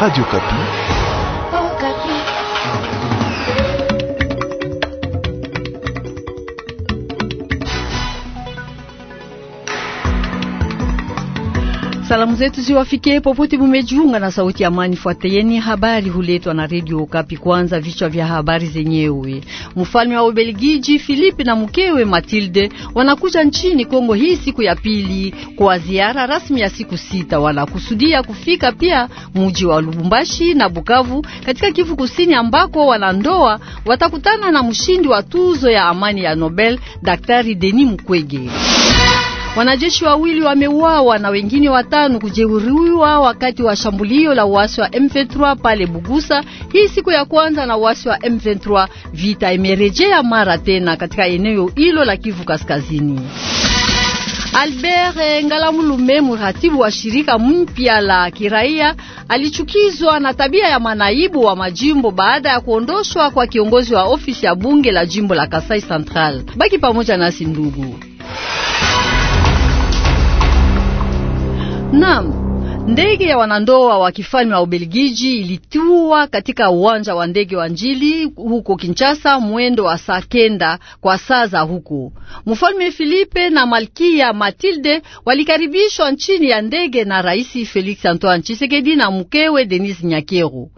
Radio Kapi. Salamu zetu ziwafikie popote mumejiunga na sauti ya amani. Fuateyeni habari huletwa na redio Okapi. Kwanza vichwa vya habari zenyewe. Mfalme wa Ubelgiji Filipi na mkewe Matilde wanakuja nchini Kongo hii siku ya pili kwa ziara rasmi ya siku sita. Wanakusudia kufika pia muji wa Lubumbashi na Bukavu katika Kivu Kusini, ambako wanandoa watakutana na mshindi wa tuzo ya amani ya Nobel Daktari Denis Mukwege. Wanajeshi wawili wameuawa na wengine watano kujeruhiwa wakati wa shambulio la uasi wa M23 pale Bugusa hii siku ya kwanza na uasi wa M23. Vita imerejea mara tena katika eneo hilo la Kivu Kaskazini. Albert Ngalamulume, mratibu wa shirika mpya la kiraia, alichukizwa na tabia ya manaibu wa majimbo baada ya kuondoshwa kwa kiongozi wa ofisi ya bunge la jimbo la Kasai Central. Baki pamoja nasi ndugu Naam. Ndege ya wanandoa wa kifalme wa Ubelgiji ilitua katika uwanja wa ndege wa Njili huko Kinshasa mwendo wa saa kenda kwa saa za huko. Mfalme Filipe na Malkia Matilde walikaribishwa nchini ya ndege na Rais Felix Antoine Tshisekedi na mkewe Denise Nyakeru.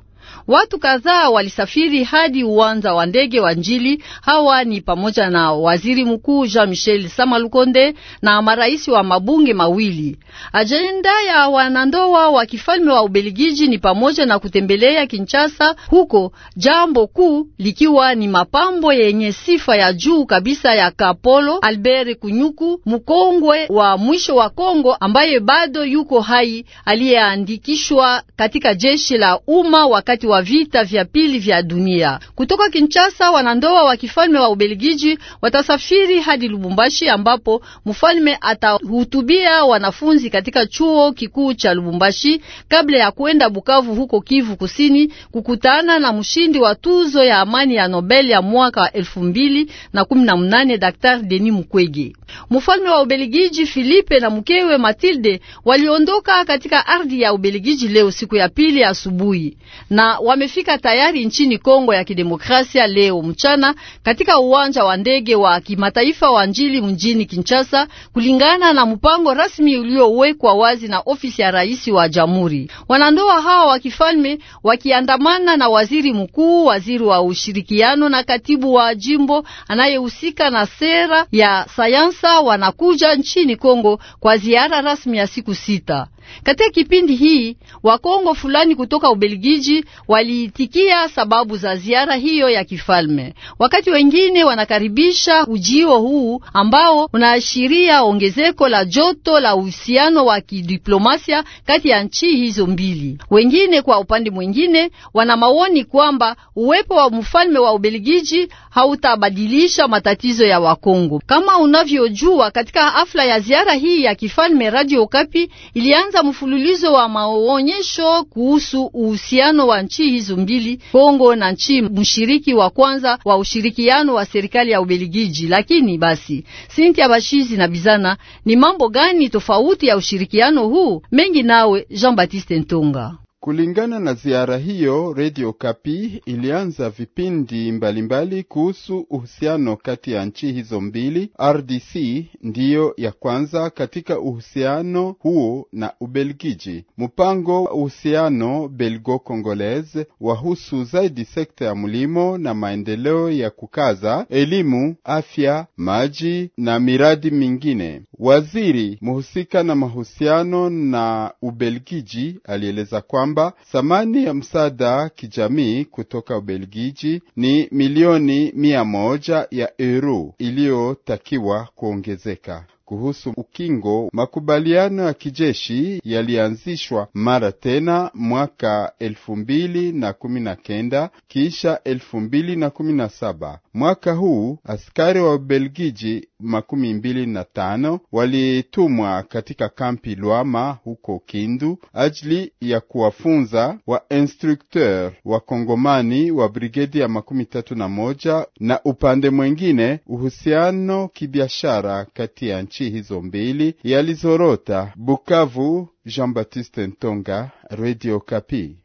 Watu kadhaa walisafiri hadi uwanja wa ndege wa Njili. Hawa ni pamoja na waziri mkuu Jean Michel Samalukonde na marais wa mabunge mawili. Ajenda ya wanandoa wa kifalme wa Ubelgiji ni pamoja na kutembelea Kinshasa, huko jambo kuu likiwa ni mapambo yenye sifa ya juu kabisa ya Kapolo Albert Kunyuku, mkongwe wa mwisho wa Kongo ambaye bado yuko hai, aliyeandikishwa katika jeshi la umma wakati wa wa vita vya pili vya dunia. Kutoka Kinshasa, wanandoa wa kifalme wa Ubelgiji watasafiri hadi Lubumbashi ambapo mfalme atahutubia wanafunzi katika chuo kikuu cha Lubumbashi kabla ya kwenda Bukavu huko Kivu Kusini kukutana na mshindi wa tuzo ya amani ya Nobel ya mwaka wa elfu mbili na kumi na mnane Daktari Denis Mukwege. Mfalme wa Ubelgiji Philippe na mkewe Matilde waliondoka katika ardhi ya Ubelgiji leo siku ya pili asubuhi na wamefika tayari nchini Kongo ya Kidemokrasia leo mchana katika uwanja wa ndege wa kimataifa wa Njili mjini Kinshasa, kulingana na mpango rasmi uliowekwa wazi na ofisi ya rais wa jamhuri. Wanandoa hawa wa kifalme wakiandamana na waziri mkuu, waziri wa ushirikiano na katibu wa jimbo anayehusika na sera ya sayansa, wanakuja nchini Kongo kwa ziara rasmi ya siku sita. Katika kipindi hii Wakongo fulani kutoka Ubelgiji waliitikia sababu za ziara hiyo ya kifalme, wakati wengine wanakaribisha ujio huu ambao unaashiria ongezeko la joto la uhusiano wa kidiplomasia kati ya nchi hizo mbili. Wengine kwa upande mwingine, wana maoni kwamba uwepo wa mfalme wa Ubelgiji hautabadilisha matatizo ya Wakongo. Kama unavyojua, katika hafla ya ziara hii ya kifalme, Radio Okapi ilianza katika mfululizo wa maonyesho kuhusu uhusiano wa nchi hizo mbili, Kongo na nchi mshiriki wa kwanza wa ushirikiano wa serikali ya Ubelgiji. Lakini basi, Cynthia Bashizi na Bizana, ni mambo gani tofauti ya ushirikiano huu? Mengi nawe Jean Baptiste Ntonga. Kulingana na ziara hiyo, Radio Kapi ilianza vipindi mbalimbali kuhusu uhusiano kati ya nchi hizo mbili. RDC ndiyo ya kwanza katika uhusiano huo na Ubelgiji. Mpango wa uhusiano belgo-congolese wahusu zaidi sekta ya mlimo na maendeleo ya kukaza, elimu, afya, maji na miradi mingine. Waziri muhusika na mahusiano na Ubelgiji alieleza kwamba kwamba thamani ya msaada kijamii kutoka Ubelgiji ni milioni mia moja ya euro iliyotakiwa kuongezeka kuhusu ukingo, makubaliano ya kijeshi yalianzishwa mara tena mwaka elfu mbili na kumi na kenda kisha elfu mbili na kumi na saba Mwaka huu askari wa Ubelgiji makumi mbili na tano walitumwa katika kampi Lwama huko Kindu ajili ya kuwafunza wa instrukteur wa Kongomani wa brigedi ya makumi tatu na moja na upande mwengine uhusiano kibiashara kati ya nchi nchi hizo mbili yalizorota. Bukavu, Jean Baptiste Ntonga, Radio Kapi.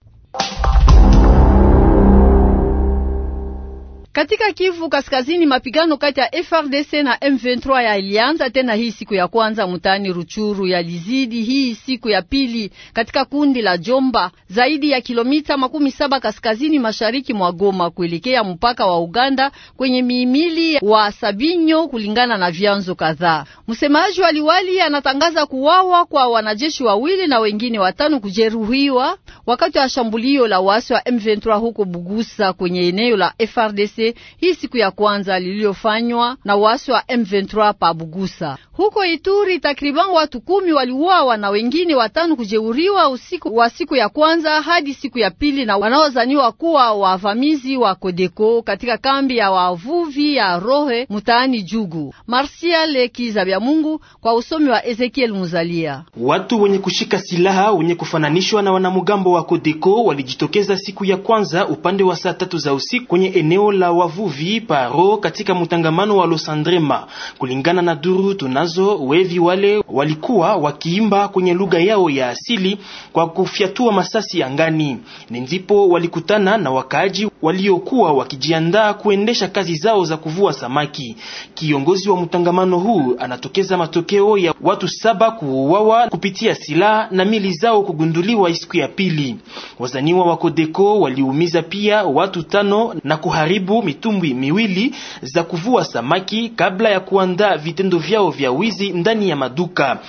Katika Kivu Kaskazini, mapigano kati ya FRDC na M23 yalianza tena hii siku ya kwanza mutani Ruchuru, yalizidi hii siku ya pili katika kundi la Jomba, zaidi ya kilomita makumi saba kaskazini mashariki mwa Goma kuelekea mpaka wa Uganda kwenye miimili wa Sabinyo, kulingana na vyanzo kadhaa. Msemaji wa liwali anatangaza kuwawa kwa wanajeshi wawili na wengine watano kujeruhiwa wakati wa shambulio la waasi wa M23 huko Bugusa kwenye eneo la FRDC hii siku ya kwanza liliyofanywa na wasi wa M23 pa Bugusa. Huko Ituri, takriban watu kumi waliuawa na wengine watano kujeuriwa usiku wa siku ya kwanza hadi siku ya pili na wanaozaniwa kuwa wavamizi wa Kodeko katika kambi ya wavuvi ya Rohe mutaani Jugu. Martial Kiza bya Mungu kwa usomi wa Ezekiel Muzalia. Watu wenye kushika silaha wenye kufananishwa na wanamugambo wa Kodeko walijitokeza siku ya kwanza upande wa saa tatu za usiku kwenye eneo la wavuvi paro katika mtangamano wa Losandrema. Kulingana na duru tunazo, wevi wale walikuwa wakiimba kwenye lugha yao ya asili kwa kufyatua masasi angani, ni ndipo walikutana na wakaaji waliokuwa wakijiandaa kuendesha kazi zao za kuvua samaki. Kiongozi wa mtangamano huu anatokeza matokeo ya watu saba kuuawa kupitia silaha na mili zao kugunduliwa siku ya pili. Wazaniwa wa Kodeko waliumiza pia watu tano na kuharibu mitumbwi miwili za kuvua samaki kabla ya kuandaa vitendo vyao vya wizi ndani ya maduka.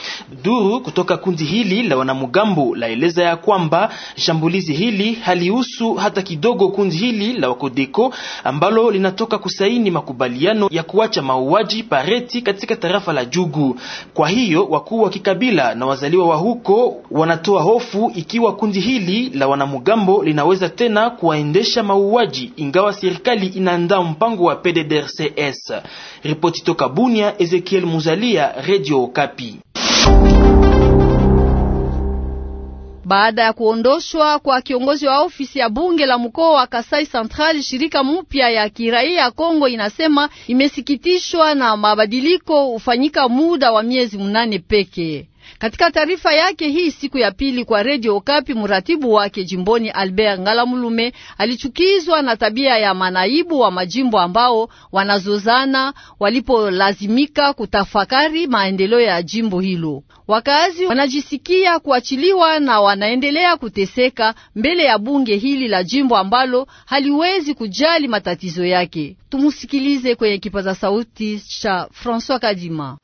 Duru kutoka kundi hili la wanamugambo laeleza ya kwamba shambulizi hili halihusu hata kidogo kundi hili pili la Wakodeko ambalo linatoka kusaini makubaliano ya kuacha mauaji pareti katika tarafa la Jugu. Kwa hiyo wakuu wa kikabila na wazaliwa wa huko wanatoa hofu ikiwa kundi hili la wanamugambo linaweza tena kuwaendesha mauaji, ingawa serikali inaandaa mpango wa PDDRCS. Ripoti toka Bunia, Ezekiel Muzalia, Radio Okapi. Baada ya kuondoshwa kwa kiongozi wa ofisi ya bunge la mkoa wa Kasai Central, shirika mpya ya kiraia ya Kongo inasema imesikitishwa na mabadiliko ufanyika muda wa miezi mnane pekee. Katika taarifa yake hii siku ya pili kwa redio Okapi, mratibu wake jimboni Albert Ngalamulume alichukizwa na tabia ya manaibu wa majimbo ambao wanazozana walipolazimika kutafakari maendeleo ya jimbo hilo. Wakazi wanajisikia kuachiliwa na wanaendelea kuteseka mbele ya bunge hili la jimbo ambalo haliwezi kujali matatizo yake. Tumusikilize kwenye kipaza sauti cha François Kadima.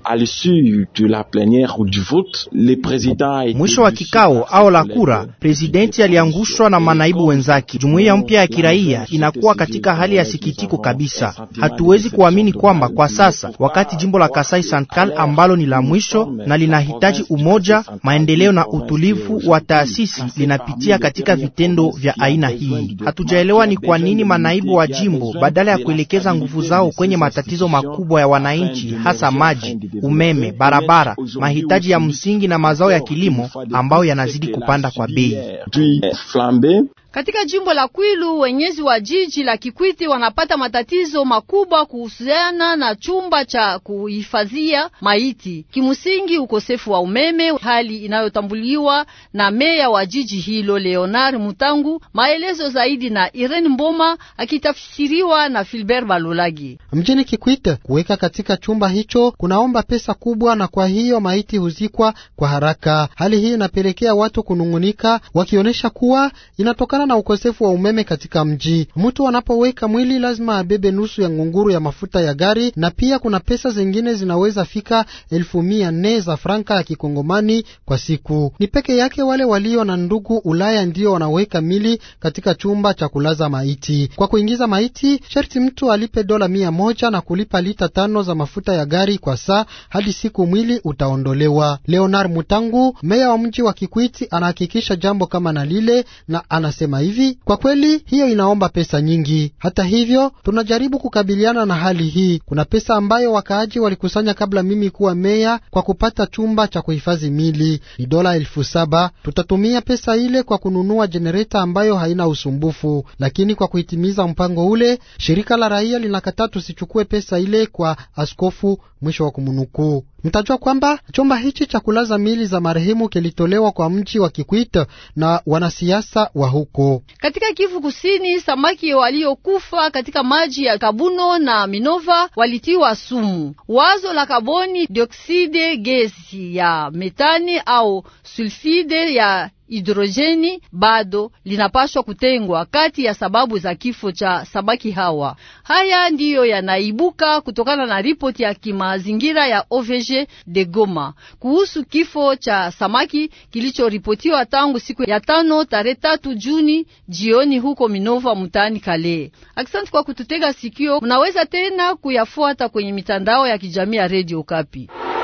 Mwisho wa kikao au la kura, presidenti aliangushwa na manaibu wenzake. Jumuiya mpya ya kiraia inakuwa katika hali ya sikitiko kabisa. Hatuwezi kuamini kwamba kwa sasa, wakati jimbo la Kasai Central ambalo ni la mwisho na linahitaji umoja, maendeleo na utulivu wa taasisi linapitia katika vitendo vya aina hii. Hatujaelewa ni kwa nini manaibu wa jimbo badala ya kuelekeza nguvu zao kwenye matatizo makubwa ya wananchi, hasa maji, umeme, barabara, mahitaji ya msingi na mazao ya kilimo ambayo yanazidi kupanda kwa bei. Katika jimbo la Kwilu wenyezi wa jiji la Kikwiti wanapata matatizo makubwa kuhusiana na chumba cha kuhifadhia maiti. Kimsingi, ukosefu wa umeme, hali inayotambuliwa na meya wa jiji hilo Leonard Mutangu. Maelezo zaidi na Irene Mboma akitafsiriwa na Filbert balulagi Mjini Kikwiti, kuweka katika chumba hicho kunaomba pesa kubwa, na kwa hiyo maiti huzikwa kwa haraka. Hali hii inapelekea watu kunungunika wakionyesha kuwa inatoka Kutokana na ukosefu wa umeme katika mji, mtu anapoweka mwili lazima abebe nusu ya ngunguru ya mafuta ya gari, na pia kuna pesa zingine zinaweza fika elfu mia nne za franka ya kikongomani kwa siku. Ni peke yake wale walio na ndugu Ulaya ndio wanaweka mili katika chumba cha kulaza maiti. Kwa kuingiza maiti sharti mtu alipe dola mia moja na kulipa lita tano za mafuta ya gari kwa saa hadi siku mwili utaondolewa. Leonard Mutangu, meya wa mji wa Kikwiti, anahakikisha jambo kama na lile na anasema alisema hivi, kwa kweli hiyo inaomba pesa nyingi. Hata hivyo, tunajaribu kukabiliana na hali hii. Kuna pesa ambayo wakaaji walikusanya kabla mimi kuwa meya kwa kupata chumba cha kuhifadhi mili, ni dola elfu saba. Tutatumia pesa ile kwa kununua jenereta ambayo haina usumbufu, lakini kwa kuhitimiza mpango ule, shirika la raia linakataa tusichukue pesa ile kwa askofu. Mwisho wa kumunukuu Mtajua kwamba chumba hichi cha kulaza mili za marehemu kilitolewa kwa mji wa Kikwit na wanasiasa wa huko. Katika Kivu Kusini, samaki waliokufa katika maji ya Kabuno na Minova walitiwa sumu. Wazo la kaboni diokside, gesi ya metani au sulfide ya hidrojeni bado linapaswa kutengwa kati ya sababu za kifo cha sabaki hawa. Haya ndiyo yanaibuka kutokana na ripoti ya kimazingira ya OVG de Goma kuhusu kifo cha samaki kilichoripotiwa tangu siku ya tano tarehe tatu Juni jioni huko Minova mtaani Kale. Aksanti kwa kututega sikio. Mnaweza tena kuyafuata kwenye mitandao ya kijamii ya Radio Kapi.